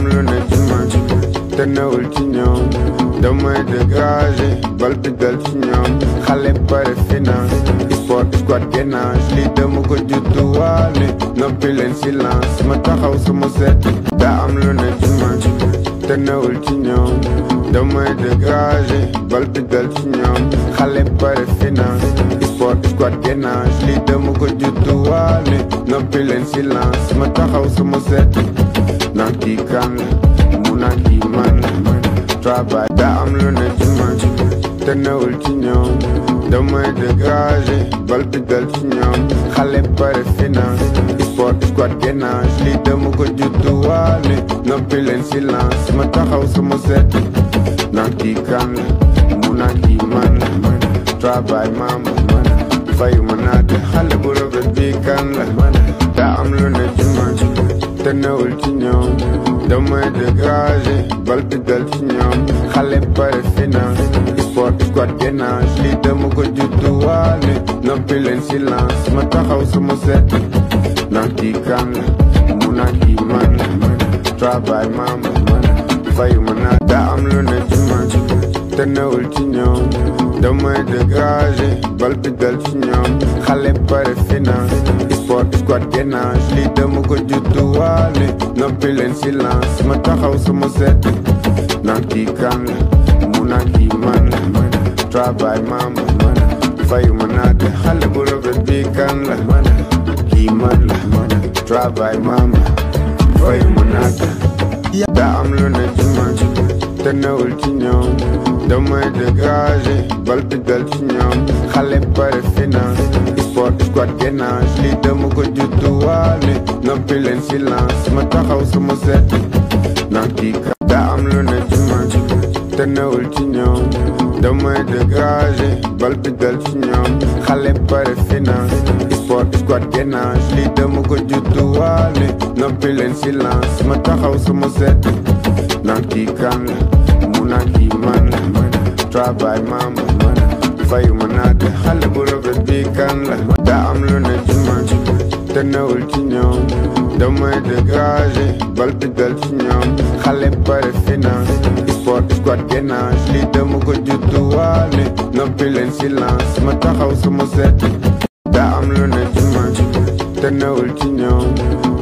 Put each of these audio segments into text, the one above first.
am lu ne ci man te newul ci ñoom damay dégagé bal bi dal ci ñoom xale pare finance sport squad gainage lii dama ko judduwaale noppi leen silence ma taxaw sama set daa am lu ne ci man te newul ci ñoom damay dégagé bal bi dal ci ñoom xale pare finance sport squad gainage lii dama ko judduwaale noppi leen silence ma taxaw sama set naki kan la mu naki man travail daa am lu ne ci man te newul ci ñoom damay dégagé bal bi dal ci ñoom xale pare finance sport squad gainage lii dama ko judduwaale noppi leen silence ma taxaw sama seet naki kan la mu naki man la travail man fayu ma naate newul ci a damay dégager bal bi dal ci ñoom xale pare finance sport squad gainage lii dama ko judduwaale noppi leen silence ma taxaw sama set naan kii kan la mu naan kii man la travail maam fayu ma naa daa am lu ne ci man te newul ci ñoom damay dégager bal bi dal ci xale pare finance koor squat gennage lii dama ko judduwaale noppi leen silence ma taxaw sama sedd naan kii kan la mu man travail mama fayuma naa te bu rafet bii kan la kii man la travail mama fayuma naa te daa am lu ne ci man ci ñoom damay dégager bal bi ci ñoom xale pare finance sport squad gainage lii dama ko judduwaale noppi leen ma taxaw sama set ndax kii daa am lu ne ci man te kan mu naa kii man travail maam la fayuma naate xale bu rafet bi kan la daa am lu ne ci man te newul ci ñoom damay dégagé bal bi dal ci ñoom xale pare i sport squad gainage lii dama ko judduwaale noppi leen silence ma taxaw sama seet daa am lu ne ci man te newul ci ñoom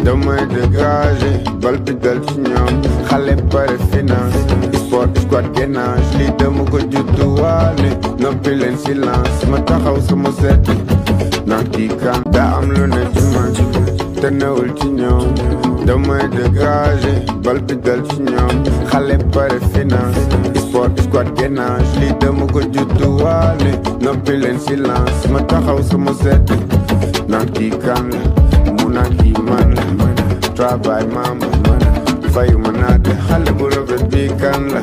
damay dégagé bal bi dal ci ñoom xale pare finance fort squad gennage lii dama ko judduwaale noppi leen silence ma taxaw sama seet ndax kii kan am lu ne ci man te newul ci ñoom damay dégagé bal bi dal ci ñoom xale pare finance sport squad gennage lii dama ko judduwaale noppi leen silence ma taxaw sama seet ndax kii mu naa kii man la travail طيب مناته خلي قلوبك بي كاملة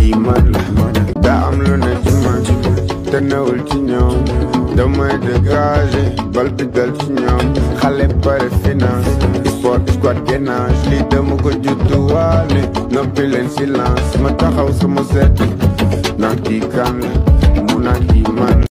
إيمان ده عملو نجمة تناول تنيوم دوما يدقاجي قلبي قلب تنيوم خلي باري فيناس Sport squad genage li dama ko juddu waale noppi leen silence ma taxaw sama seet nag kii kan la